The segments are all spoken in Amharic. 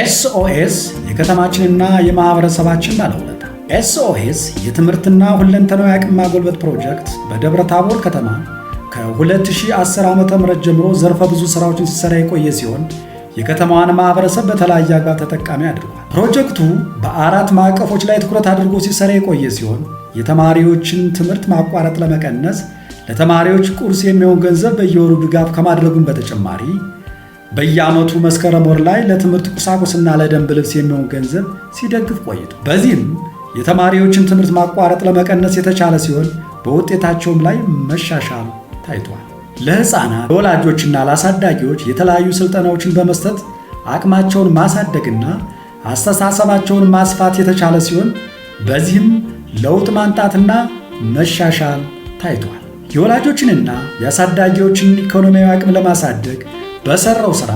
ኤስኦኤስ የከተማችንና የማህበረሰባችን ባለውለታ። ኤስኦኤስ የትምህርትና ሁለንተናዊ አቅም ማጎልበት ፕሮጀክት በደብረ ታቦር ከተማ ከ2010 ዓ.ም ጀምሮ ዘርፈ ብዙ ስራዎችን ሲሰራ የቆየ ሲሆን የከተማዋን ማህበረሰብ በተለያየ አግባብ ተጠቃሚ አድርጓል። ፕሮጀክቱ በአራት ማዕቀፎች ላይ ትኩረት አድርጎ ሲሰራ የቆየ ሲሆን የተማሪዎችን ትምህርት ማቋረጥ ለመቀነስ ለተማሪዎች ቁርስ የሚሆን ገንዘብ በየወሩ ድጋፍ ከማድረጉም በተጨማሪ በየዓመቱ መስከረም ወር ላይ ለትምህርት ቁሳቁስና ለደንብ ልብስ የሚሆን ገንዘብ ሲደግፍ ቆይቷል። በዚህም የተማሪዎችን ትምህርት ማቋረጥ ለመቀነስ የተቻለ ሲሆን በውጤታቸውም ላይ መሻሻል ታይቷል። ለሕፃናት ለወላጆችና ለአሳዳጊዎች የተለያዩ ስልጠናዎችን በመስጠት አቅማቸውን ማሳደግና አስተሳሰባቸውን ማስፋት የተቻለ ሲሆን በዚህም ለውጥ ማንጣትና መሻሻል ታይቷል። የወላጆችንና የአሳዳጊዎችን ኢኮኖሚያዊ አቅም ለማሳደግ በሰራው ስራ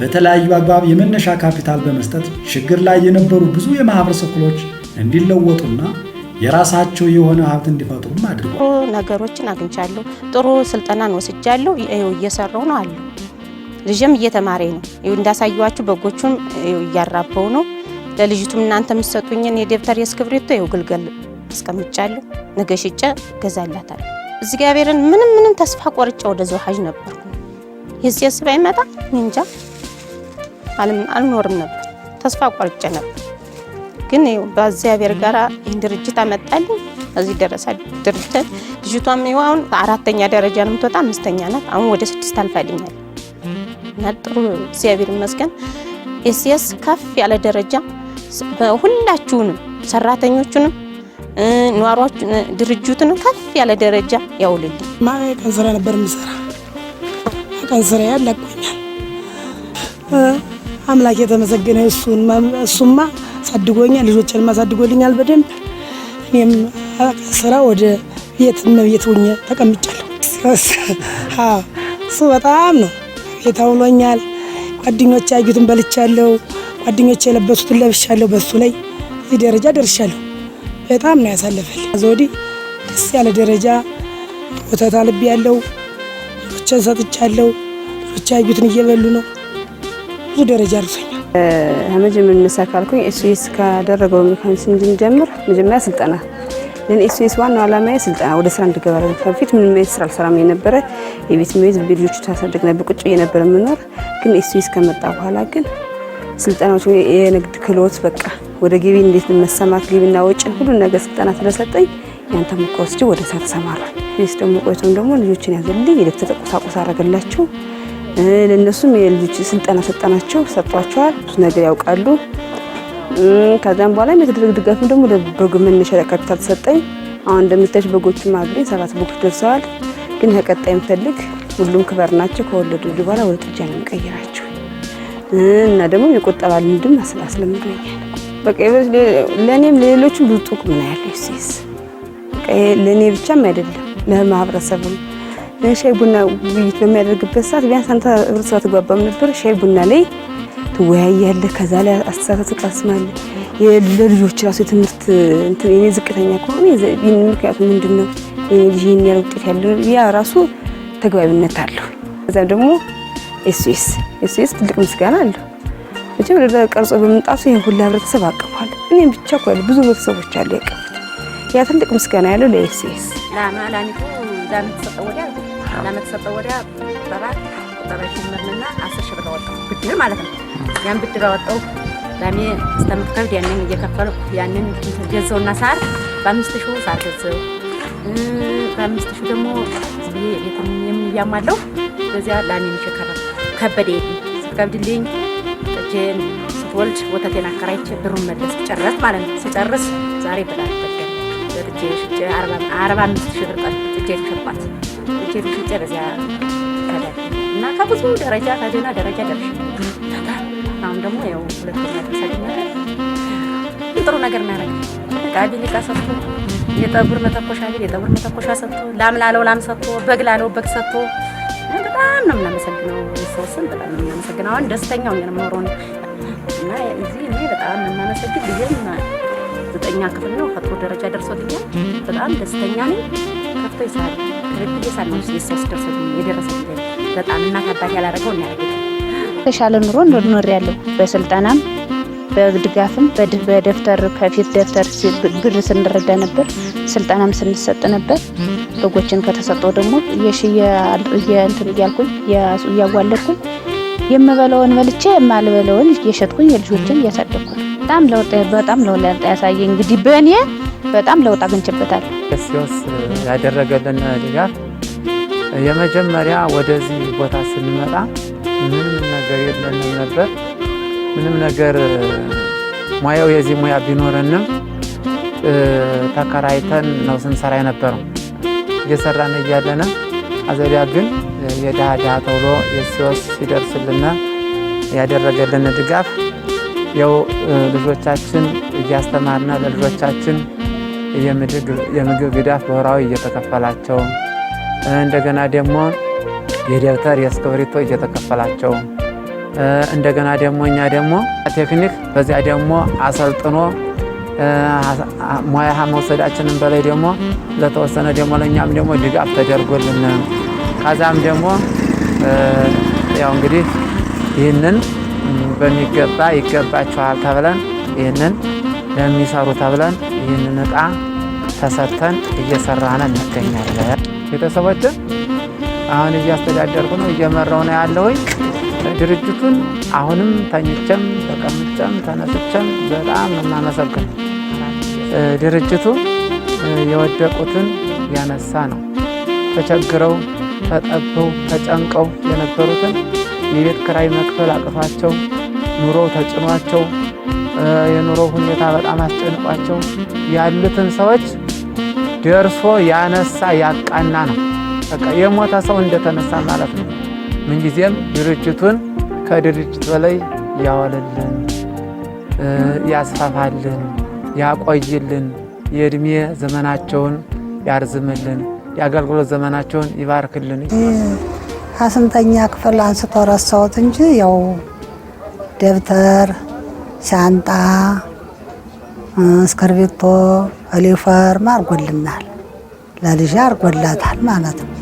በተለያዩ አግባብ የመነሻ ካፒታል በመስጠት ችግር ላይ የነበሩ ብዙ የማህበረሰብ ክፍሎች እንዲለወጡና የራሳቸው የሆነ ሀብት እንዲፈጥሩም አድርጓል። ነገሮችን አግኝቻለሁ። ጥሩ ስልጠናን ወስጃለሁ። እየሰራው ነው አሉ። ልጅም እየተማረ ነው። እንዳሳየዋችሁ በጎቹም እያራበው ነው። ለልጅቱም እናንተ የምትሰጡኝን የደብተር የእስክሪብቶ ይኸው ግልገል አስቀምጫለሁ። ነገ ሽጬ ገዛላታለሁ። እግዚአብሔርን ምንም ምንም ተስፋ ቆርጬ ወደዚያው ሀጅ ነበርኩ። የዚህ ስራ ይመጣ እንጃ አልኖርም ነበር። ተስፋ ቆርጬ ነበር። ግን በእግዚአብሔር ጋር ይህን ድርጅት አመጣልኝ እዚህ ደረሳ። ድርጅት ልጅቷም ይኸው አሁን አራተኛ ደረጃ ነው የምትወጣ፣ አምስተኛ ናት። አሁን ወደ ስድስት አልፋልኛል እና ጥሩ እግዚአብሔር ይመስገን። ኤስኤስ ከፍ ያለ ደረጃ ሁላችሁንም ሰራተኞቹንም ነዋሪዎቹን ድርጅቱንም ከፍ ያለ ደረጃ ያውልልኝ። ማበቃ ስራ ነበር የምሰራ ቀን ስራ ያለቆኛል። አምላክ የተመሰገነ እሱን እሱማ አሳድጎኛል፣ ልጆችን አሳድጎልኛል በደንብ እኔም ስራ ወደ ቤት እመቤት ሆኜ ተቀምጫለሁ። እሱ በጣም ነው ቤት አውሎኛል። ጓደኞቼ ያዩትን በልቻለሁ፣ ጓደኞቼ የለበሱትን ለብሻለሁ። በሱ ላይ እዚህ ደረጃ ደርሻለሁ። በጣም ነው ያሳለፈል። ከዚያ ደስ ያለ ደረጃ ወተት ልብ ያለው ልጆችን ሰጥቻለሁ። ልጆች ያዩትን እየበሉ ነው። ብዙ ደረጃ አልፈኛል። መጀመር እነሳ ካልኩኝ ኤስኤስ ካደረገው ሜካኒዝም እንድንጀምር መጀመሪያ ስልጠና ለኔ ኤስኤስ ዋናው ዓላማዬ ስልጠና ወደ ስራ እንድገባ ከፊት ምንም አይነት ስራ አልሰራም የነበረ የቤት መቤት ልጆቹ ታሳደግ ነበር ቁጭ የነበረ የምኖር ግን ኤስኤስ ከመጣ በኋላ ግን ስልጠናዎች የንግድ ክህሎት በቃ ወደ ገቢ እንዴት መሰማት ገቢና ወጪን ሁሉ ነገር ስልጠና ስለሰጠኝ ያን ተሞክሮ ወደ ስራ ተሰማራል። ቢስ ደግሞ ቆይቶም ደግሞ ልጆችን ያዘልኝ የኤሌክትሪክ ቁሳቁስ አረገላቸው። ለእነሱም የልጆች ስልጠና ሰጠናቸው፣ ሰጧቸዋል። ብዙ ነገር ያውቃሉ። ከዛም በኋላ የተደረገ ድጋፍም ደግሞ ለበጎ መነሻ ካፒታል ተሰጠኝ። አሁን እንደምታች በጎችም አግሬ ሰባት በጎች ደርሰዋል። ግን ከቀጣይ የምፈልግ ሁሉም ክበር ናቸው። ከወለዱ በኋላ ወደ ጥጃ ነው የሚቀይራቸው እና ደግሞ የቁጠባ ልምድም አስለምዶኛል። በቃ ለእኔም ለሌሎችም ብዙ ጥቅም ነው ያለው። ለእኔ ብቻም አይደለም ለማህበረሰብም ሻይ ቡና ውይይት በሚያደርግበት ሰዓት ቢያንስ አንተ ህብረተሰብ አትግባባም ነበር። ሻይ ቡና ላይ ትወያያለህ። ከዛ ላይ አስተሳሰብ ትቀስማለህ። ለልጆች ራሱ የትምህርት የኔ ዝቅተኛ ከሆነ ይህን ምክንያቱ ምንድን ነው ልጅ ይህን ያለ ውጤት ያለው ያ ራሱ ተግባቢነት አለው ከዚያም ደግሞ ኤስኤስ ኤስኤስ ትልቅ ምስጋና አለሁ። መቼም ቀርጾ በመምጣቱ ሁላ ህብረተሰብ አቅፏል። እኔም ብቻ ብዙ ህብረተሰቦች አሉ ያቀፉት። ያ ትልቅ ምስጋና ያለው ላማ ላሚቱ ላም ወዲያ ላም ወዲያ ሰባት ቁጠባ ጀመርንና አስር ሺህ ብር አወጣሁ ብድር ማለት ነው። ያን ብድር አወጣሁ ላሜ እስከምትከብድ ያንን እየከፈልኩ ያንን ገዘውና ሳር በአምስት ሺህ ሳር ገዘው በአምስት ሺህ ደግሞ የሚያማለው በዚያ ላሜን ሸከረ ከበደ ይ ስትከብድልኝ ጥቼን ስትወልድ ወተቴን አከራይቼ ብሩን መለስ ጨረስ ማለት ነው። ስጨርስ ዛሬ ብላል በግጄ ሽጬ አርባ አምስት ሺህ ብር እጄ ተሸጥኳት። እጄ ሽጬ በዚያ እና ከብዙ ደረጃ ከዜና ደረጃ ደርሽ አሁን ደግሞ ያው ሁለተኛ ተሳድ ጥሩ ነገር እናደረግ ቃቢ ሊቃ ሰጥቶ የጠጉር መተኮሻ ቤት የጠጉር መተኮሻ ሰጥቶ ላም ላለው ላም ሰጥቶ በግ ላለው በግ ሰጥቶ በጣም ነው የምናመሰግነው። ሰው በጣም ነው የምናመሰግነው። አሁን ደስተኛው ነው እና እዚህ እኔ በጣም የምናመሰግን ጊዜም ዘጠኛ ክፍል ነው። ከጥሩ ደረጃ ደርሶልኛል። በጣም ደስተኛ ነኝ። ከፍቶ ይሰራል ሳል ሶስት ደርሶት የደረሰ በጣም እናት አባት ያላረገው እናያለ የተሻለ ኑሮ ኖር ያለው በስልጠናም በድጋፍም በደብተር ከፊት ደብተር ብር ስንረዳ ነበር። ስልጠናም ስንሰጥ ነበር። በጎችን ከተሰጠው ደግሞ እየእንትን እያልኩኝ እያዋለድኩኝ የምበለውን በልቼ የማልበለውን እየሸጥኩኝ የልጆችን እያሳደግኩ በጣም ለውጥ በጣም ለውጥ ያሳየ እንግዲህ በእኔ በጣም ለውጥ አግኝቼበታል። ክርስቶስ ያደረገልን ድጋፍ የመጀመሪያ ወደዚህ ቦታ ስንመጣ ምንም ነገር የለንም ነበር። ምንም ነገር ሙያው የዚህ ሙያ ቢኖረንም ተከራይተን ነው ስንሰራ የነበረው እየሰራን እያለነ አዘሪያ ግን የድሃ ድሃ ተብሎ የሲወስ ሲደርስልና ያደረገልን ድጋፍ ያው ልጆቻችን እያስተማርና ለልጆቻችን የምግብ ግዳፍ በወርሃዊ እየተከፈላቸው እንደገና ደግሞ የደብተር የእስክሪብቶ እየተከፈላቸው እንደገና ደግሞ እኛ ደግሞ ቴክኒክ በዚያ ደግሞ አሰልጥኖ ሙያ መውሰዳችንን በላይ ደግሞ ለተወሰነ ደግሞ ለእኛም ደግሞ ድጋፍ ተደርጎልን ከዛም ደግሞ ያው እንግዲህ ይህንን በሚገባ ይገባቸዋል ተብለን ይህንን ለሚሰሩ ተብለን ይህንን እጣ ተሰጥተን እየሰራነ እንገኛለን። ቤተሰቦችን አሁን እያስተዳደርኩ ነው፣ እየመራው ነው ያለሁኝ ድርጅቱን። አሁንም ተኝቼም ተቀምጬም ተነስቼም በጣም የማመሰግን ድርጅቱ የወደቁትን ያነሳ ነው። ተቸግረው ተጠበው ተጨንቀው የነበሩትን የቤት ክራይ መክፈል አቅቷቸው ኑሮ ተጭኗቸው የኑሮ ሁኔታ በጣም አስጨንቋቸው ያሉትን ሰዎች ደርሶ ያነሳ ያቃና ነው። በቃ የሞተ ሰው እንደተነሳ ማለት ነው። ምንጊዜም ድርጅቱን ከድርጅት በላይ ያወልልን፣ ያስፋፋልን፣ ያቆይልን፣ የእድሜ ዘመናቸውን ያርዝምልን፣ የአገልግሎት ዘመናቸውን ይባርክልን። ከስንተኛ ክፍል አንስቶ ረሳሁት እንጂ ያው ደብተር፣ ሻንጣ፣ እስክርቢቶ፣ ዩኒፎርም አድርጎልናል። ለልጅ አርጎላታል ማለት ነው።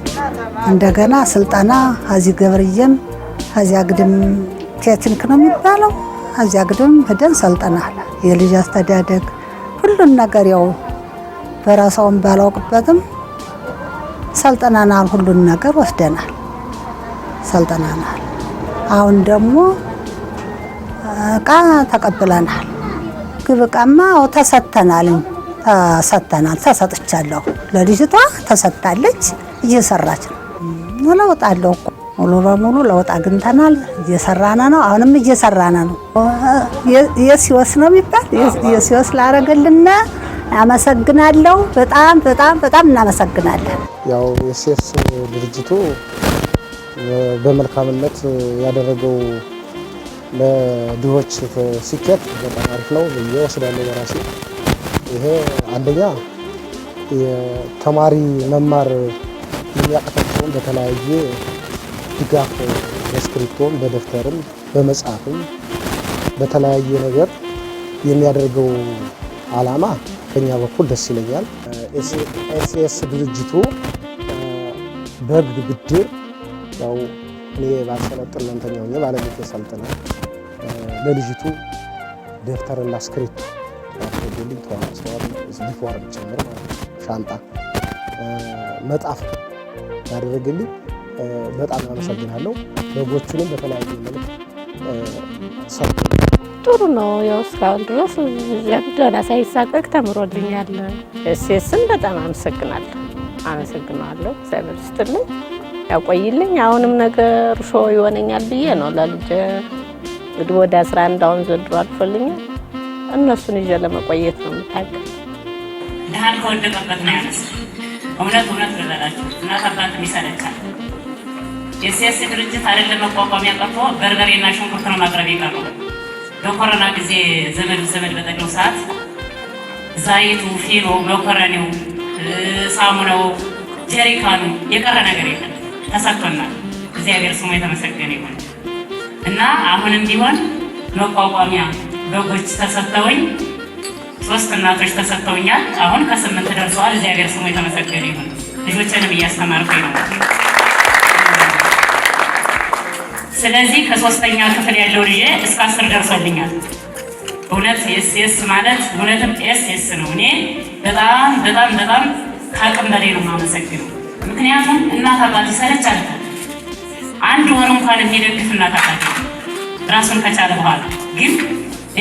እንደገና ስልጠና እዚህ ገብርዬም እዚያ ግድም ቴትንክ ነው የሚባለው እዚያ ግድም ህደን ሰልጠናል። የልጅ አስተዳደግ ሁሉን ነገር ያው በራሳውን ባላውቅበትም ሰልጠናናል። ሁሉን ነገር ወስደናል። ሰልጥነናል። አሁን ደግሞ እቃ ተቀብለናል። ግብ እቃማ ተሰተናል ተሰተናል ተሰጥቻለሁ። ለልጅቷ ተሰጥታለች፣ እየሰራች ነው። ለውጥ እኮ ሙሉ በሙሉ ለውጥ አግኝተናል። እየሰራነ ነው። አሁንም እየሰራነ ነው። የሲወስ ነው የሚባል የሲወስ ላረገልን አመሰግናለሁ። በጣም በጣም በጣም እናመሰግናለን። ያው የሴፍ ድርጅቱ በመልካምነት ያደረገው ለድሆች ስኬት በጣም አሪፍ ነው ብዬ ወስዳለሁ በራሴ። ይሄ አንደኛ ተማሪ መማር የሚያቅታቸውን በተለያየ ድጋፍ በስክሪፕቶም፣ በደብተርም፣ በመጽሐፍም በተለያየ ነገር የሚያደርገው አላማ ከኛ በኩል ደስ ይለኛል። ኤስኤስ ድርጅቱ በግድ ብድር ያው እኔ ባሰለጥን ለእንተኛው ባለቤት የሰልጥና ለልጅቱ ደብተርና እስክሪብቶ ሊግ ተዋስተዋል ሊፎር ጭምር ሻንጣ መጣፍ ያደረግልኝ በጣም አመሰግናለሁ። በጎቹንም በተለያዩ መልክ ሰጥ ጥሩ ነው። ያው እስካሁን ድረስ ዘንድና ሳይሳቀቅ ተምሮልኛል። እሴስን በጣም አመሰግናለሁ አመሰግናለሁ። እግዚአብሔር ይስጥልኝ። ያቆይልኝ። አሁንም ነገ እርሾ ይሆነኛል ብዬ ነው ለልጄ እንግዲህ ወደ 11 አሁን ዘንድሮ አልፎልኛል። እነሱን ይዤ ለመቆየት ነው ምታቅ ድሃን ከወደቀበት ነው ያነሳ። እውነት እውነት ልበላችሁ እናት አባት ይሰለቻል። የሲያስ ድርጅት አይደለም መቋቋሚያ ቀርቶ በርበሬና ሽንኩርት ነው ማቅረብ የቀረው። በኮረና ጊዜ ዘመድ ዘመድ በጠቅለው ሰዓት ዛይቱ፣ ፊኖ፣ መኮረኒው፣ ሳሙናው፣ ጀሪካኑ የቀረ ነገር የለም። ተሰጥቶናል። እግዚአብሔር ስሙ የተመሰገነ ይሁን እና አሁንም ቢሆን መቋቋሚያ በጎች ተሰጥተውኝ ሶስት እናቶች ተሰጥተውኛል። አሁን ከስምንት ደርሰዋል። እግዚአብሔር ስሙ የተመሰገነ ይሁን። ልጆችንም እያስተማርኩኝ ነው። ስለዚህ ከሶስተኛ ክፍል ያለው ልጄ እስከ አስር ደርሶልኛል። እውነት የስ የስ ማለት እውነትም ኤስ የስ ነው። እኔ በጣም በጣም በጣም ከአቅም በላይ ነው የማመሰግነው። ምክንያቱም እናት አባት ይሰለቻል። አንድ ወር እንኳን የሚደግፍ እናት አባት ራሱን ከቻለ በኋላ ግን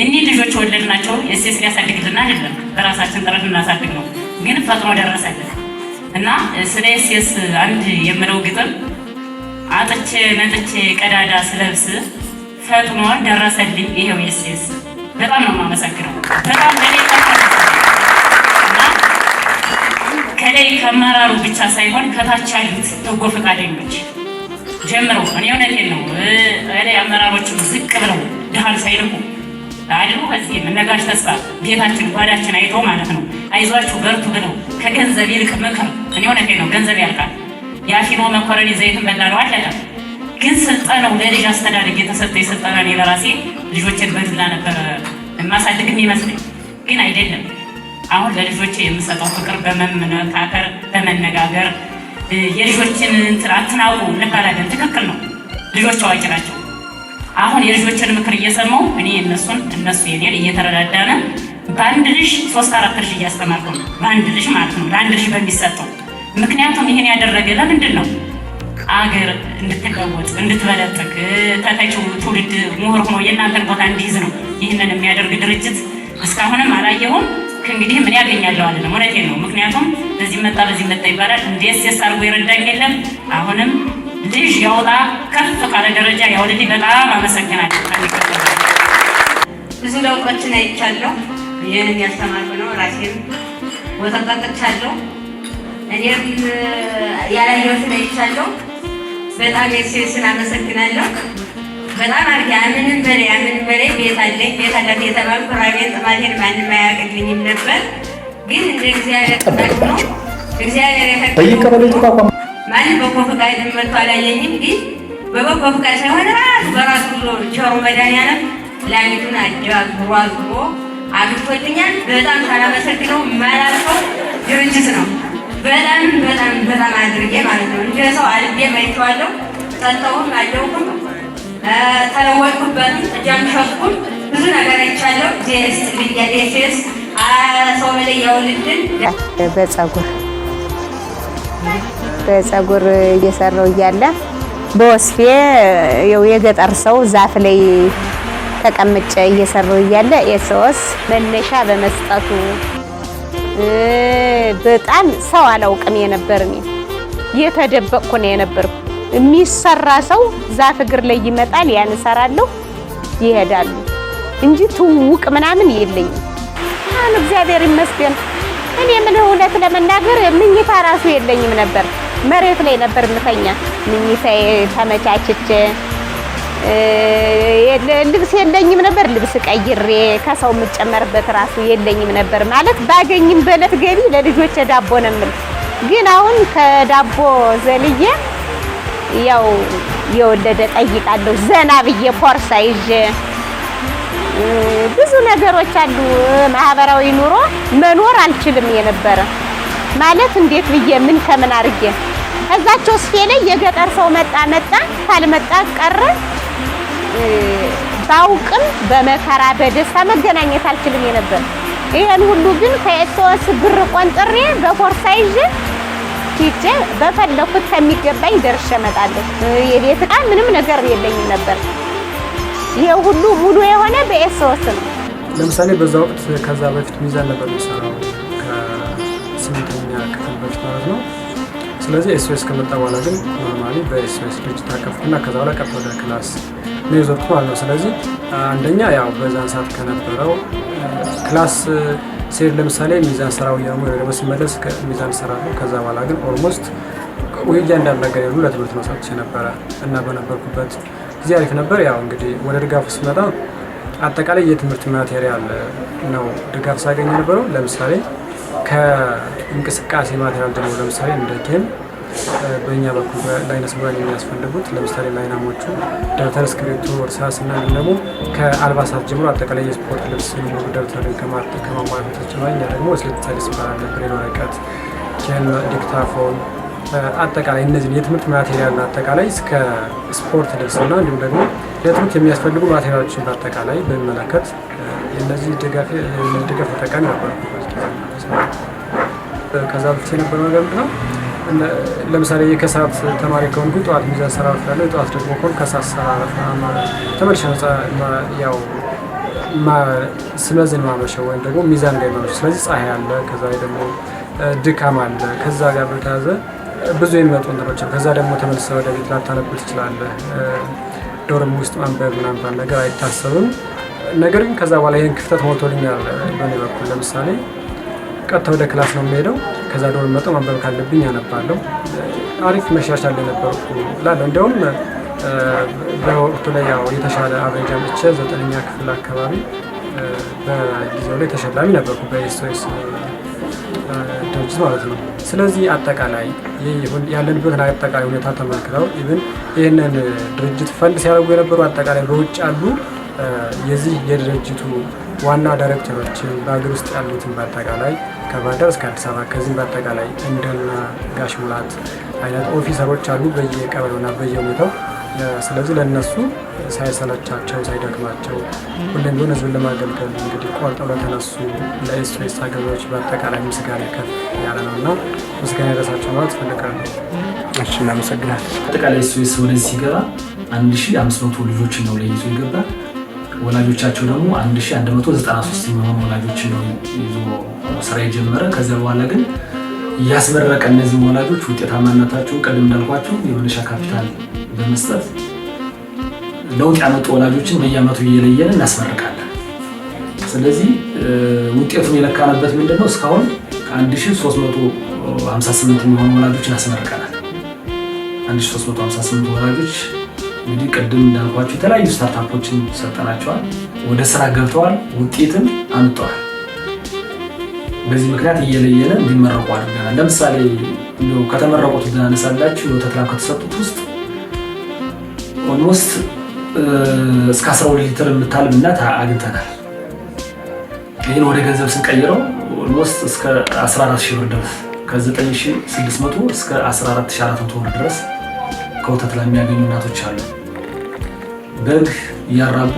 እኒህ ልጆች ወለድናቸው የሴት ሊያሳድግልን አይደለም፣ በራሳችን ጥረት እናሳድግ ነው። ግን ፈጥኖ ደረሰልን እና ስለ ሴስ አንድ የምለው ግጥም አጥቼ ነጥቼ ቀዳዳ ስለብስ ፈጥኖ ደረሰልኝ ይሄው የሴስ። በጣም ነው የማመሰግነው በጣም በተለይ ከአመራሩ ብቻ ሳይሆን ከታች ያሉት በጎ ፈቃደኞች ጀምሮ እኔ እውነቴን ነው እኔ አመራሮቹ ዝቅ ብለው ድሃን ሳይልቁ አድሩ በዚህ መነጋሽ ተስፋ ቤታችን ጓዳችን አይቶ ማለት ነው አይዟችሁ በርቱ ብለው ከገንዘብ ይልቅ ምክር እኔ እውነቴን ነው ገንዘብ ያልቃል የአፊኖ መኮረኒ ዘይትን በላለው አለቀ። ግን ስልጠናው ለልጅ አስተዳደግ የተሰጠ የስልጠና እኔ ለራሴ ልጆችን በዱላ ነበር የማሳድግ የሚመስለኝ ግን አይደለም አሁን ለልጆች የምሰጠው ፍቅር በመመካከር በመነጋገር የልጆችን እንትን አትናቁ እንላለን። ትክክል ነው። ልጆች አዋቂ ናቸው። አሁን የልጆችን ምክር እየሰማው እኔ እነሱን እነሱ የኔን እየተረዳዳነ በአንድ ልጅ ሶስት አራት ልጅ እያስተማርኩ ነው። በአንድ ልጅ ማለት ነው፣ ለአንድ ልጅ በሚሰጠው ምክንያቱም ይህን ያደረገ ለምንድን ነው? አገር እንድትለወጥ እንድትበለጥቅ ተተኪው ትውልድ ምሁር ሆኖ የእናንተን ቦታ እንዲይዝ ነው። ይህንን የሚያደርግ ድርጅት እስካሁንም አላየሁም። እንግዲህ ምን ያገኛለሁ አለ። እውነቴ ነው። ምክንያቱም በዚህ መጣ በዚህ መጣ ይባላል። እንዴስ ሴስ አድርጎ ይረዳኝ የለም። አሁንም ልጅ ያውጣ ከፍ ካለ ደረጃ ያውልኝ። በጣም አመሰግናለሁ። ብዙ ለውጦችን አይቻለሁ። ይህንም ያስተማሩ ነው። ራሴም ወተጠቅቻለሁ። እኔም ያላየሁትን አይቻለሁ። በጣም የሴስን አመሰግናለሁ። በጣም አድርጌ አምንም በላይ አምንም በሬ ቤት አለኝ ቤት አላት የተባልኩ ራቤት ጥማቴን ማንም አያውቅልኝም ነበር። ግን እንደ እግዚአብሔር እግዚአብሔር የፈቀደው ማንም በጎ ፈቃድ መጥቶ አላየኝም። ግን በበጎ ፈቃድ ሳይሆን ራሱ በራሱ ቸሩ መድኃኒዓለም ላሚቱን አጃዝሮ አዝሮ አግቶልኛል። በጣም ሳላመሰግነው የማላልፈው ድርጅት ነው። በጣም በጣም በጣም አድርጌ ማለት ነው እንደ ሰው አልቤ ማይቸዋለሁ። ጠጣሁም አለውኩም ተለወጥኩበት፣ እጃም ብዙ ነገር አይቻለሁ። ዴስ ዴስ ሰው ላይ ያውልድን በጸጉር በጸጉር እየሰራው እያለ በወስፌ ያው የገጠር ሰው ዛፍ ላይ ተቀምጨ እየሰራው እያለ የሰውስ መነሻ በመስጠቱ በጣም ሰው አላውቅም የነበር እኔ የተደበቅኩ ነው የነበርኩ የሚሰራ ሰው ዛፍ እግር ላይ ይመጣል፣ ያን እሰራለሁ፣ ይሄዳሉ እንጂ ትውውቅ ምናምን የለኝም። አሁን እግዚአብሔር ይመስገን እኔ ምን እውነት ለመናገር ምኝታ ራሱ የለኝም ነበር። መሬት ላይ ነበር ምተኛ። ምኝታ ተመቻችቼ ልብስ የለኝም ነበር። ልብስ ቀይሬ ከሰው የምጨመርበት ራሱ የለኝም ነበር። ማለት ባገኝም በዕለት ገቢ ለልጆች ዳቦ ነው ግን አሁን ከዳቦ ዘልዬ ያው የወደደ ጠይቃለሁ። ዘና ብዬ ፖርሳ ይዤ ብዙ ነገሮች አሉ። ማህበራዊ ኑሮ መኖር አልችልም የነበረ ማለት እንዴት ብዬ ምን ከምን አድርጌ ከዛቸው ስፌ ላይ የገጠር ሰው መጣ መጣ ካልመጣ ቀረ ባውቅም በመከራ በደስታ መገናኘት አልችልም የነበር ይሄን ሁሉ ግን ከኤቶስ ብር ቆንጥሬ በፖርሳ ይዤ ሂጄ በፈለኩት ከሚገባኝ ደርሼ እመጣለሁ። የቤት ዕቃ ምንም ነገር የለኝም ነበር። ይሄ ሁሉ ሙሉ የሆነ በኤስኦስ ነው። ለምሳሌ በዛ ወቅት ከዛ በፊት ሚዛን ነበር የሚሰራው ከስምንተኛ ክፍል በፊት ማለት ነው። ስለዚህ ኤስኦስ ከመጣ በኋላ ግን ኖርማሊ በኤስኦስ ድርጅት አቀፍኩና ከዛ በኋላ ቀጥ ወደ ክላስ ነው የዞርኩ ማለት ነው። ስለዚህ አንደኛ ያው በዛን ሰዓት ከነበረው ክላስ ሲሄድ ለምሳሌ ሚዛን ስራ ወያሙ ደግሞ ሲመለስ ሚዛን ስራ ነው። ከዛ በኋላ ግን ኦልሞስት ወይ እያንዳንድ ነገር ያሉ ለትምህርት መሳቶች ነበረ እና በነበርኩበት ጊዜ አሪፍ ነበር። ያው እንግዲህ ወደ ድጋፍ ስመጣ አጠቃላይ የትምህርት ማቴሪያል ነው ድጋፍ ሳገኝ ነበረው። ለምሳሌ ከእንቅስቃሴ ማቴሪያል ደግሞ ለምሳሌ እንደ ጌም በእኛ በኩል ለአይነ ስውራን የሚያስፈልጉት ለምሳሌ ለአይናሞቹ ደብተር፣ እስክሪብቶ፣ እርሳስ እና ደግሞ ከአልባሳት ጀምሮ አጠቃላይ የስፖርት ልብስ የሚሆኑ ደብተርን ከማሟላት ተጨማሪ እኛ ደግሞ ስልትሳይል ስባላለ ብሬን ወረቀት፣ ኬን፣ ዲክታፎን አጠቃላይ እነዚህ የትምህርት ማቴሪያል አጠቃላይ እስከ ስፖርት ልብስ ልብስና እንዲሁም ደግሞ ለትምህርት የሚያስፈልጉ ማቴሪያሎችን በአጠቃላይ በሚመለከት እነዚህ ድጋፍ ተጠቃሚ ነበር። ከዛ በፊት የነበረው ነገር ምንድነው? ለምሳሌ የከሰዓት ተማሪ ከሆንኩ ጠዋት ሚዛ ስራ ያለ ጠዋት ደግሞ ከሆን ከሰዓት ሰራረፍ አርፋማ ተመልሼ ያው ስለዚህ ማመሸው ወይም ደግሞ ሚዛን ላይ ማመሸው። ስለዚህ ፀሐይ አለ፣ ከዛ ላይ ደግሞ ድካም አለ። ከዛ ጋር በተያዘ ብዙ የሚመጡ እንትኖች ከዛ ደግሞ ተመልሰ ወደ ቤት ላታነብ ትችላለህ። ዶርም ውስጥ ማንበብ ምናምን ነገር አይታሰብም። ነገር ግን ከዛ በኋላ ይህን ክፍተት ሞልቶልኛል በእኔ በኩል ለምሳሌ ቀጥታ ወደ ክላስ ነው የሚሄደው ከዛ ደግሞ መጠው ማንበብ ካለብኝ አነባለሁ። አሪፍ መሻሻል ነበርኩ ላለ እንደውም በወቅቱ ላይ ያው የተሻለ አብሬጅ አምጥቼ ዘጠነኛ ክፍል አካባቢ በጊዜው ላይ ተሸላሚ ነበርኩ በኤስኦኤስ ድርጅት ማለት ነው። ስለዚህ አጠቃላይ ያለንበትን አጠቃላይ ሁኔታ ተመልክተው ኢቭን ይህንን ድርጅት ፈንድ ሲያደርጉ የነበሩ አጠቃላይ በውጭ ያሉ የዚህ የድርጅቱ ዋና ዳይሬክተሮችን በሀገር ውስጥ ያሉትን በአጠቃላይ ከባህርዳር እስከ አዲስ አበባ ከዚህም በአጠቃላይ እንደና ጋሽ ሙላት አይነት ኦፊሰሮች አሉ በየቀበሌውና በየቦታው። ስለዚህ ለእነሱ ሳይሰለቻቸው ሳይደክማቸው ሁሌም ቢሆን ህዝብን ለማገልገል እንግዲህ ቆርጠው ለተነሱ ለኤስፔስ አገልግሎች በአጠቃላይ ምስጋና ከፍ ያለ ነው እና ምስጋና የደረሳቸው ማለት ፈልጋለሁ። እሺ እናመሰግናል። አጠቃላይ ኤስፔስ ወደዚህ ሲገባ አንድ ሺ አምስት መቶ ልጆችን ነው ለይዞ ይገባል። ወላጆቻቸው ደግሞ 1193 የሚሆኑ ወላጆችን ይዞ ስራ የጀመረ ከዚያ በኋላ ግን እያስመረቀ እነዚህ ወላጆች ውጤታማነታቸውን ቅድም እንዳልኳቸው የመነሻ ካፒታል በመስጠት ለውጥ ያመጡ ወላጆችን በየአመቱ እየለየን እናስመርቃለን። ስለዚህ ውጤቱን የለካነበት ምንድነው? እስካሁን ከ1358 የሚሆኑ ወላጆችን አስመርቀናል። 1358 ወላጆች እንግዲህ ቅድም እንዳልኳቸው የተለያዩ ስታርታፖችን ሰጠናቸዋል። ወደ ስራ ገብተዋል፣ ውጤትን አምጠዋል። በዚህ ምክንያት እየለየለ እንዲመረቁ አድርገናል። ለምሳሌ ከተመረቁት ብናነሳላችሁ ወተት ላም ከተሰጡት ውስጥ ኦልሞስት እስከ 12 ሊትር የምታልብ እናት አግኝተናል። ይህን ወደ ገንዘብ ስንቀይረው ኦልሞስት እስከ 14 ሺህ ብር ድረስ ከ9600 እስከ 14400 ብር ድረስ ከወተት ላም የሚያገኙ እናቶች አሉ። በግ እያራቡ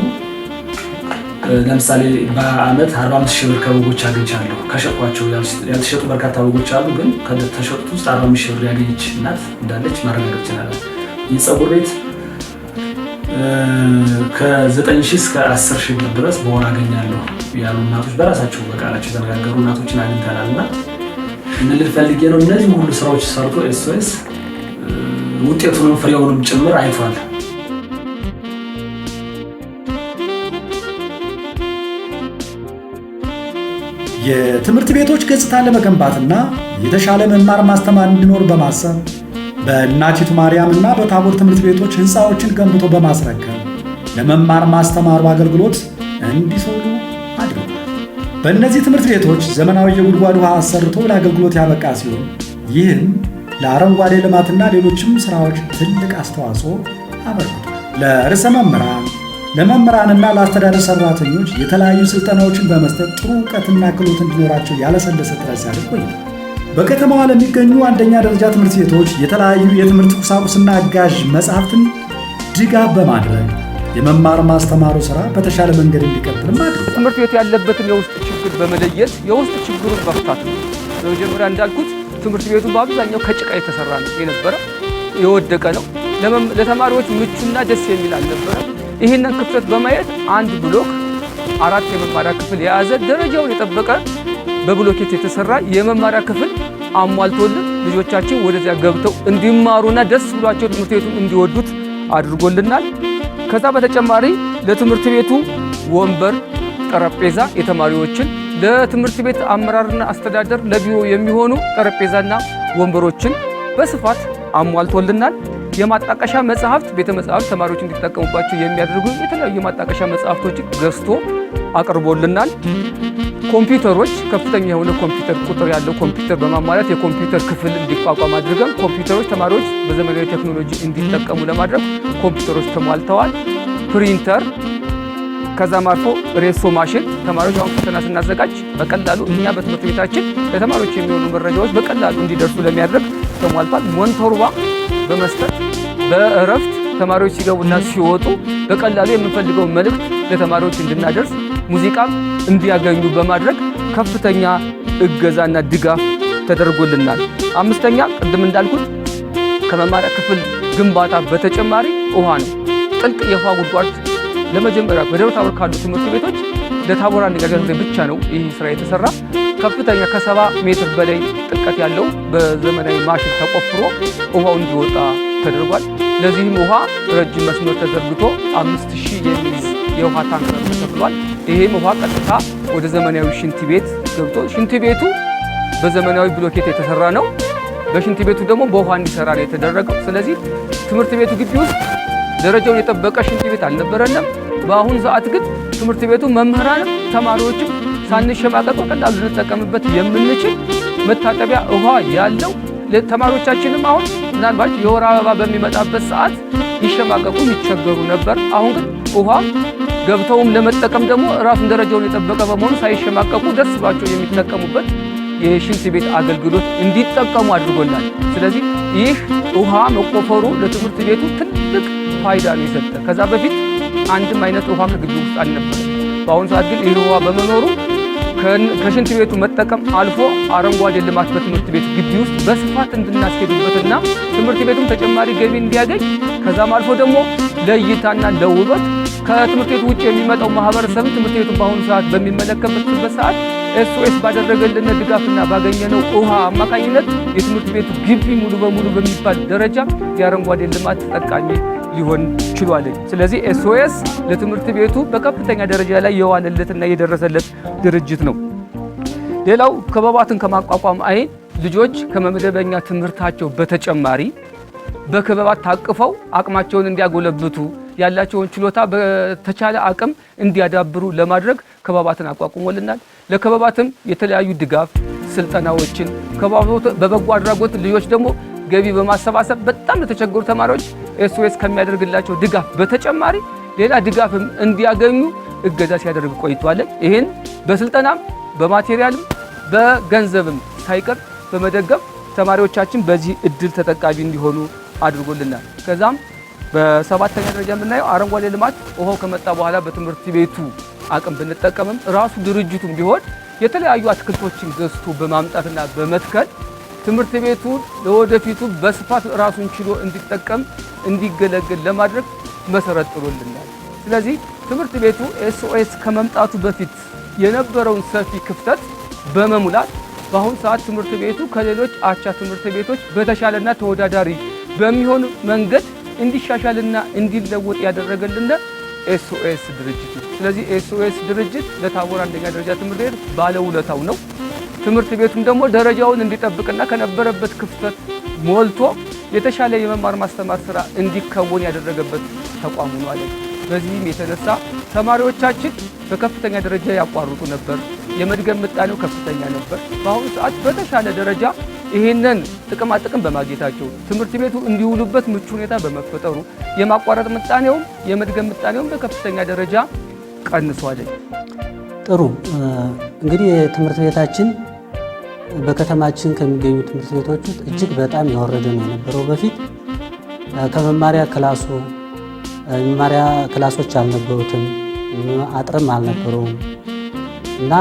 ለምሳሌ በአመት 45 ሺህ ብር ከበጎች አግኝቻለሁ። ከሸጥኳቸው ያልተሸጡ በርካታ በጎች አሉ፣ ግን ከተሸጡት ውስጥ 45 ሺህ ብር ያገኘች እናት እንዳለች ማረጋገጥ ይችላለን። የፀጉር ቤት ከ9 ሺህ እስከ 10 ሺህ ብር ድረስ በወር አገኛለሁ ያሉ እናቶች በራሳቸው በቃላቸው የተነጋገሩ እናቶችን አግኝተናል። እና ምን ፈልጌ ነው እነዚህ ሁሉ ስራዎች ሰርቶ ኤስ ኦ ኤስ ውጤቱንም ፍሬውንም ጭምር አይቷል። የትምህርት ቤቶች ገጽታ ለመገንባትና የተሻለ መማር ማስተማር እንዲኖር በማሰብ በእናቲቱ ማርያም እና በታቦር ትምህርት ቤቶች ህንፃዎችን ገንብቶ በማስረከብ ለመማር ማስተማሩ አገልግሎት እንዲሰሩ አድርጓል። በእነዚህ ትምህርት ቤቶች ዘመናዊ የጉድጓድ ውሃ አሰርቶ ለአገልግሎት ያበቃ ሲሆን ይህም ለአረንጓዴ ልማትና ሌሎችም ስራዎች ትልቅ አስተዋጽኦ አበርክቷል። ለርዕሰ መምህራን ለመምህራንና ለአስተዳደር ሰራተኞች የተለያዩ ስልጠናዎችን በመስጠት ጥሩ እውቀትና ክህሎት እንዲኖራቸው ያለሰለሰ ጥረት ሲያደርግ ቆይ በከተማዋ ለሚገኙ አንደኛ ደረጃ ትምህርት ቤቶች የተለያዩ የትምህርት ቁሳቁስና አጋዥ መጽሐፍትን ድጋፍ በማድረግ የመማር ማስተማሩ ስራ በተሻለ መንገድ እንዲቀጥል ማድረግ ትምህርት ቤቱ ያለበትን የውስጥ ችግር በመለየት የውስጥ ችግሩን መፍታት ነው። በመጀመሪያ እንዳልኩት ትምህርት ቤቱ በአብዛኛው ከጭቃ የተሰራ ነው የነበረ የወደቀ ነው። ለተማሪዎች ምቹና ደስ የሚል አልነበረ። ይህንን ክፍተት በማየት አንድ ብሎክ አራት የመማሪያ ክፍል የያዘ ደረጃውን የጠበቀ በብሎኬት የተሰራ የመማሪያ ክፍል አሟልቶልን ልጆቻችን ወደዚያ ገብተው እንዲማሩና ደስ ብሏቸው ትምህርት ቤቱን እንዲወዱት አድርጎልናል። ከዛ በተጨማሪ ለትምህርት ቤቱ ወንበር፣ ጠረጴዛ የተማሪዎችን ለትምህርት ቤት አመራርና አስተዳደር ለቢሮ የሚሆኑ ጠረጴዛና ወንበሮችን በስፋት አሟልቶልናል። የማጣቀሻ መጽሐፍት ቤተ መጽሐፍት ተማሪዎች እንዲጠቀሙባቸው የሚያደርጉ የተለያዩ የማጣቀሻ መጽሐፍቶችን ገዝቶ አቅርቦልናል። ኮምፒውተሮች ከፍተኛ የሆነ ኮምፒውተር ቁጥር ያለው ኮምፒውተር በማሟላት የኮምፒውተር ክፍል እንዲቋቋም አድርገን ኮምፒውተሮች ተማሪዎች በዘመናዊ ቴክኖሎጂ እንዲጠቀሙ ለማድረግ ኮምፒውተሮች ተሟልተዋል። ፕሪንተር፣ ከዛም አልፎ ሬሶ ማሽን ተማሪዎች አሁን ፈተና ስናዘጋጅ በቀላሉ እኛ በትምህርት ቤታችን ለተማሪዎች የሚሆኑ መረጃዎች በቀላሉ እንዲደርሱ ለሚያደርግ ተሟልቷል። ሞንተርባ በመስጠት በእረፍት ተማሪዎች ሲገቡና ሲወጡ በቀላሉ የምንፈልገውን መልእክት ለተማሪዎች እንድናደርስ ሙዚቃም እንዲያገኙ በማድረግ ከፍተኛ እገዛና ድጋፍ ተደርጎልናል። አምስተኛ ቅድም እንዳልኩት ከመማሪያ ክፍል ግንባታ በተጨማሪ ውሃ ነው። ጥልቅ የውሃ ጉድጓድ ለመጀመሪያ በደብረ ታቦር ካሉ ትምህርት ቤቶች ለታቦር አነጋገር ብቻ ነው ይህ ስራ የተሰራ። ከፍተኛ ከሰባ ሜትር በላይ ጥልቀት ያለው በዘመናዊ ማሽን ተቆፍሮ ውሃው እንዲወጣ ተደርጓል። ለዚህም ውሃ ረጅም መስመር ተዘርግቶ አምስት ሺህ የሚል የውሃ ታንከር ተተክሏል። ይህም ውሃ ቀጥታ ወደ ዘመናዊ ሽንት ቤት ገብቶ ሽንት ቤቱ በዘመናዊ ብሎኬት የተሰራ ነው። በሽንት ቤቱ ደግሞ በውሃ እንዲሰራ ነው የተደረገው። ስለዚህ ትምህርት ቤቱ ግቢ ውስጥ ደረጃውን የጠበቀ ሽንት ቤት አልነበረንም። በአሁኑ ሰዓት ግን ትምህርት ቤቱ መምህራንም ተማሪዎችም ሳንሸማቀቅ በቀላሉ ልንጠቀምበት የምንችል መታጠቢያ ውሃ ያለው ተማሪዎቻችንም አሁን ምናልባት የወር አበባ በሚመጣበት ሰዓት ይሸማቀቁ ይቸገሩ ነበር። አሁን ግን ውሃ ገብተውም ለመጠቀም ደግሞ ራሱን ደረጃውን የጠበቀ በመሆኑ ሳይሸማቀቁ ደስ ብሏቸው የሚጠቀሙበት የሽንት ቤት አገልግሎት እንዲጠቀሙ አድርጎናል። ስለዚህ ይህ ውሃ መቆፈሩ ለትምህርት ቤቱ ትልቅ ፋይዳ ነው የሰጠ። ከዛ በፊት አንድም አይነት ውሃ ከግቢ ውስጥ አልነበረ። በአሁኑ ሰዓት ግን ይህ ውሃ በመኖሩ ከሽንት ቤቱ መጠቀም አልፎ አረንጓዴ ልማት በትምህርት ቤት ግቢ ውስጥ በስፋት እንድናስኬዱበትና ትምህርት ቤቱም ተጨማሪ ገቢ እንዲያገኝ ከዛም አልፎ ደግሞ ለእይታና ለውበት ከትምህርት ቤቱ ውጭ የሚመጣው ማህበረሰብ ትምህርት ቤቱ በአሁኑ ሰዓት በሚመለከትበት ሰዓት ኤስኦኤስ ባደረገልን ድጋፍና ባገኘነው ውሃ አማካኝነት የትምህርት ቤቱ ግቢ ሙሉ በሙሉ በሚባል ደረጃ የአረንጓዴ ልማት ተጠቃሚ ሊሆን ችሏል። ስለዚህ ኤስኦኤስ ለትምህርት ቤቱ በከፍተኛ ደረጃ ላይ የዋለለትና የደረሰለት ድርጅት ነው። ሌላው ክበባትን ከማቋቋም አይን ልጆች ከመመደበኛ ትምህርታቸው በተጨማሪ በክበባት ታቅፈው አቅማቸውን እንዲያጎለብቱ ያላቸውን ችሎታ በተቻለ አቅም እንዲያዳብሩ ለማድረግ ክበባትን አቋቁሞልናል። ለክበባትም የተለያዩ ድጋፍ ስልጠናዎችን በበጎ አድራጎት ልጆች ደግሞ ገቢ በማሰባሰብ በጣም ለተቸገሩ ተማሪዎች ኤስኦኤስ ከሚያደርግላቸው ድጋፍ በተጨማሪ ሌላ ድጋፍም እንዲያገኙ እገዛ ሲያደርግ ቆይቷል። ይህን በስልጠናም በማቴሪያልም በገንዘብም ሳይቀር በመደገፍ ተማሪዎቻችን በዚህ እድል ተጠቃሚ እንዲሆኑ አድርጎልናል። ከዛም በሰባተኛ ደረጃ የምናየው አረንጓዴ ልማት ውሃው ከመጣ በኋላ በትምህርት ቤቱ አቅም ብንጠቀምም ራሱ ድርጅቱም ቢሆን የተለያዩ አትክልቶችን ገዝቶ በማምጣትና በመትከል ትምህርት ቤቱ ለወደፊቱ በስፋት ራሱን ችሎ እንዲጠቀም እንዲገለገል ለማድረግ መሰረት ጥሎልናል። ስለዚህ ትምህርት ቤቱ ኤስኦኤስ ከመምጣቱ በፊት የነበረውን ሰፊ ክፍተት በመሙላት በአሁኑ ሰዓት ትምህርት ቤቱ ከሌሎች አቻ ትምህርት ቤቶች በተሻለና ተወዳዳሪ በሚሆን መንገድ እንዲሻሻልና እንዲለወጥ ያደረገልን ኤስኦኤስ ድርጅት ነው። ስለዚህ ኤስኦኤስ ድርጅት ለታቦር አንደኛ ደረጃ ትምህርት ቤት ባለውለታው ነው። ትምህርት ቤቱም ደግሞ ደረጃውን እንዲጠብቅና ከነበረበት ክፍተት ሞልቶ የተሻለ የመማር ማስተማር ስራ እንዲከወን ያደረገበት ተቋም ሆኗል። በዚህም የተነሳ ተማሪዎቻችን በከፍተኛ ደረጃ ያቋርጡ ነበር። የመድገም ምጣኔው ከፍተኛ ነበር። በአሁኑ ሰዓት በተሻለ ደረጃ ይህንን ጥቅማ ጥቅም በማግኘታቸው ትምህርት ቤቱ እንዲውሉበት ምቹ ሁኔታ በመፈጠሩ የማቋረጥ ምጣኔውም የመድገም ምጣኔውም በከፍተኛ ደረጃ ቀንሷል። ጥሩ እንግዲህ ትምህርት ቤታችን በከተማችን ከሚገኙ ትምህርት ቤቶች ውስጥ እጅግ በጣም የወረደ ነው የነበረው። በፊት ከመማሪያ ክላሱ መማሪያ ክላሶች አልነበሩትም፣ አጥርም አልነበረውም እና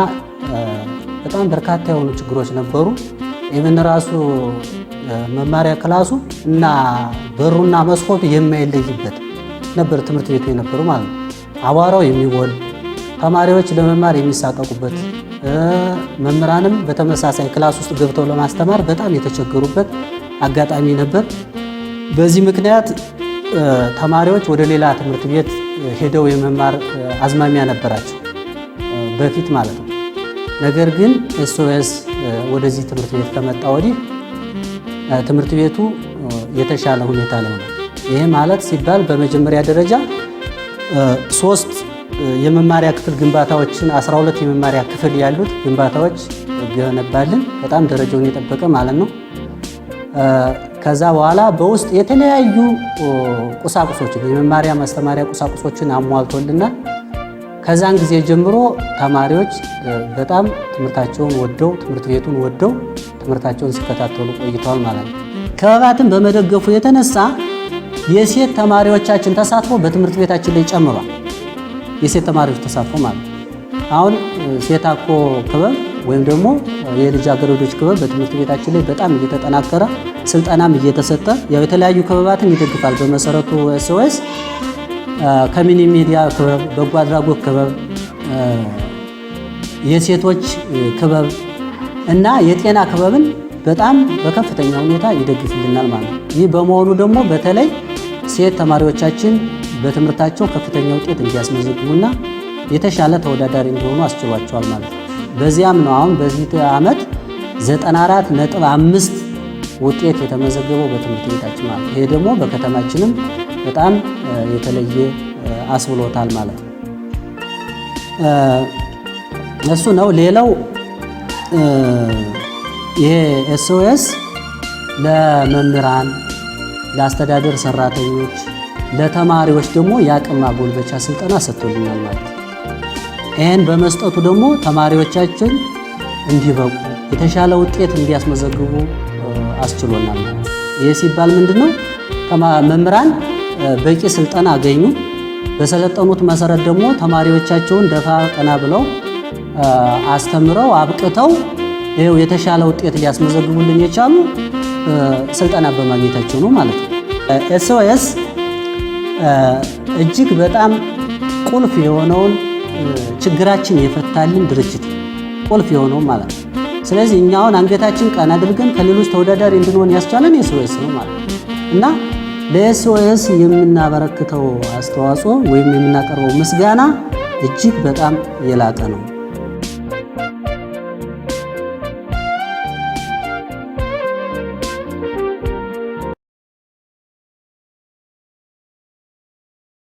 በጣም በርካታ የሆኑ ችግሮች ነበሩ። ኢቨን ራሱ መማሪያ ክላሱ እና በሩና መስኮቱ የማይለይበት ነበር ትምህርት ቤቱ የነበሩ ማለት ነው። አቧራው የሚወል ተማሪዎች ለመማር የሚሳቀቁበት መምህራንም በተመሳሳይ ክላስ ውስጥ ገብተው ለማስተማር በጣም የተቸገሩበት አጋጣሚ ነበር። በዚህ ምክንያት ተማሪዎች ወደ ሌላ ትምህርት ቤት ሄደው የመማር አዝማሚያ ነበራቸው በፊት ማለት ነው። ነገር ግን ኤስኦኤስ ወደዚህ ትምህርት ቤት ከመጣ ወዲህ ትምህርት ቤቱ የተሻለ ሁኔታ ላይ ነው። ይህ ማለት ሲባል በመጀመሪያ ደረጃ ሶስት የመማሪያ ክፍል ግንባታዎችን 12 የመማሪያ ክፍል ያሉት ግንባታዎች ገነባልን። በጣም ደረጃውን የጠበቀ ማለት ነው። ከዛ በኋላ በውስጥ የተለያዩ ቁሳቁሶችን የመማሪያ ማስተማሪያ ቁሳቁሶችን አሟልቶልናል። ከዛን ጊዜ ጀምሮ ተማሪዎች በጣም ትምህርታቸውን ወደው ትምህርት ቤቱን ወደው ትምህርታቸውን ሲከታተሉ ቆይተዋል ማለት ነው። ክበባትን በመደገፉ የተነሳ የሴት ተማሪዎቻችን ተሳትፎ በትምህርት ቤታችን ላይ ጨምሯል። የሴት ተማሪዎች ተሳትፎ ማለት አሁን ሴት አኮ ክበብ ወይም ደግሞ የልጃገረዶች ክበብ በትምህርት ቤታችን ላይ በጣም እየተጠናከረ ስልጠናም እየተሰጠ ያው የተለያዩ ክበባትን ይደግፋል። በመሰረቱ ኤስ ከሚኒ ሚዲያ ክበብ፣ በጎ አድራጎት ክበብ፣ የሴቶች ክበብ እና የጤና ክበብን በጣም በከፍተኛ ሁኔታ ይደግፍልናል ማለት ነው። ይህ በመሆኑ ደግሞ በተለይ ሴት ተማሪዎቻችን በትምህርታቸው ከፍተኛ ውጤት እንዲያስመዘግቡና የተሻለ ተወዳዳሪ እንዲሆኑ አስችሏቸዋል ማለት ነው። በዚያም ነው አሁን በዚህ ዓመት 94 ነጥብ አምስት ውጤት የተመዘገበው በትምህርት ቤታችን ማለት ይሄ ደግሞ በከተማችንም በጣም የተለየ አስብሎታል ማለት ነው። እሱ ነው። ሌላው ይሄ ኤስኦኤስ ለመምህራን፣ ለአስተዳደር ሰራተኞች፣ ለተማሪዎች ደግሞ የአቅም ማጎልበቻ ስልጠና ሰጥቶልኛል ማለት ነው። ይህን በመስጠቱ ደግሞ ተማሪዎቻችን እንዲበቁ የተሻለ ውጤት እንዲያስመዘግቡ አስችሎናል። ይህ ሲባል ምንድን ነው? መምህራን በቂ ስልጠና አገኙ። በሰለጠኑት መሰረት ደግሞ ተማሪዎቻቸውን ደፋ ቀና ብለው አስተምረው አብቅተው ይኸው የተሻለ ውጤት ሊያስመዘግቡልን የቻሉ ስልጠና በማግኘታቸው ነው ማለት ነው። ኤስኦኤስ እጅግ በጣም ቁልፍ የሆነውን ችግራችን የፈታልን ድርጅት ቁልፍ የሆነው ማለት ነው። ስለዚህ እኛውን አንገታችን ቀን አድርገን ከሌሎች ተወዳዳሪ እንድንሆን ያስቻለን ኤስኦኤስ ነው ማለት ነው እና ለኤስኦኤስ የምናበረክተው አስተዋጽኦ ወይም የምናቀርበው ምስጋና እጅግ በጣም የላቀ ነው።